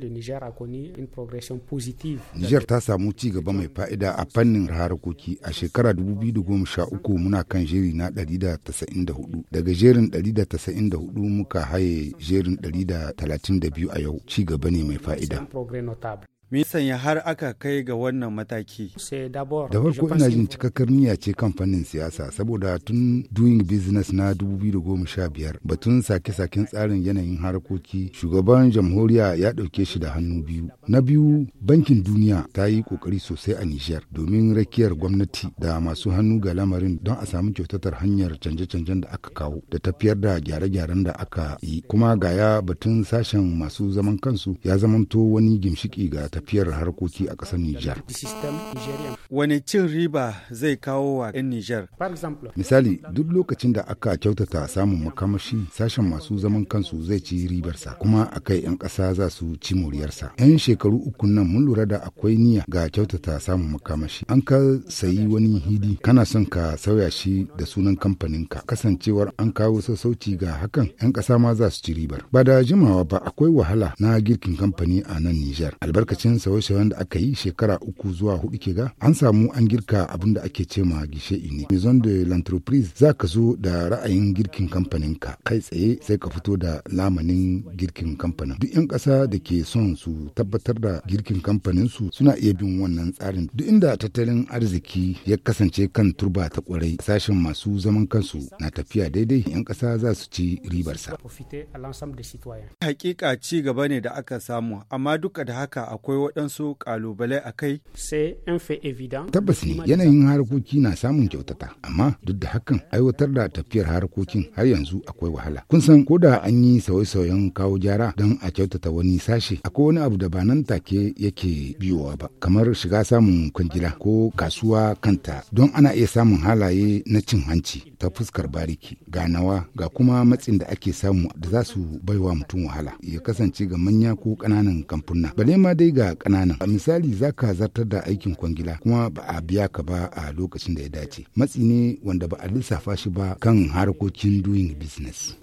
Le Niger a connu une progression positive. Niger ta samu ci gaba mai fa'ida a fannin harkoki a shekara 2013 muna kan jeri na 194 daga jerin 194 muka haye jerin 132 a yau ci gaba ne mai fa'ida. Me sanya har aka kai ga wannan mataki? Da farko ina jin cikakkar niyya ce kamfanin siyasa saboda tun doing business na 2015 batun sake-saken tsarin yanayin harkoki shugaban jamhuriya ya ɗauke shi da hannu biyu. Na biyu bankin duniya ta yi kokari sosai a Nijar domin rakiyar gwamnati da masu hannu ga lamarin don a samu kyautatar hanyar canje-canjen da aka kawo da tafiyar da gyare-gyaren da aka yi. Kuma ga ya batun sashen masu zaman kansu ya zamanto wani gimshiki ga tafiyar harkoki a ƙasar Nijar. wani cin riba zai kawo wa 'yan Nijar? Misali, duk lokacin da aka kyautata samun makamashi sashen masu zaman kansu zai ci ribarsa kuma a kai 'yan ƙasa za su ci moriyarsa. 'Yan shekaru uku nan mun lura da akwai niyya ga kyautata samun makamashi. An ka sayi wani hidi kana son ka sauya shi da sunan kamfaninka. Kasancewar an kawo sassauci ga hakan 'yan ƙasa ma za su ci ribar. Ba da jimawa ba akwai wahala na girkin kamfani a nan Nijar. Albarkacin cikin sauye-sauyen da aka yi shekara uku zuwa hudu ke ga an samu an girka abin da ake ce ma gishe ne. maison de l'entreprise za ka zo da ra'ayin girkin kamfanin ka kai tsaye sai ka fito da lamanin girkin kamfanin duk yan ƙasa da ke son su tabbatar da girkin kamfanin su suna iya bin wannan tsarin duk inda tattalin arziki ya kasance kan turba ta kwarai sashen masu zaman kansu na tafiya daidai yan kasa za su ci ribarsa. Hakika ci gaba ne da aka samu amma duka da haka akwai akwai waɗansu ƙalubale a kai? Tabbas ne yanayin harkoki na samun kyautata, amma duk da hakan aiwatar da tafiyar harkokin har yanzu akwai wahala. Kun san ko da an yi sauye-sauyen kawo gyara don a kyautata wani sashe, akwai wani abu da ba nan take yake biyowa ba, kamar shiga samun kwangila ko kasuwa kanta don ana iya samun halaye na cin hanci ta fuskar bariki ga nawa ga kuma matsin da ake samu da za su baiwa mutum wahala ya kasance ga manya ko ƙananan kamfuna. Bale ma dai ga ƙanana. A misali za ka zartar da aikin kwangila kuma ba a biya ka ba a lokacin da ya dace. Matsi ne wanda ba a lissafa shi ba kan harkokin doing business.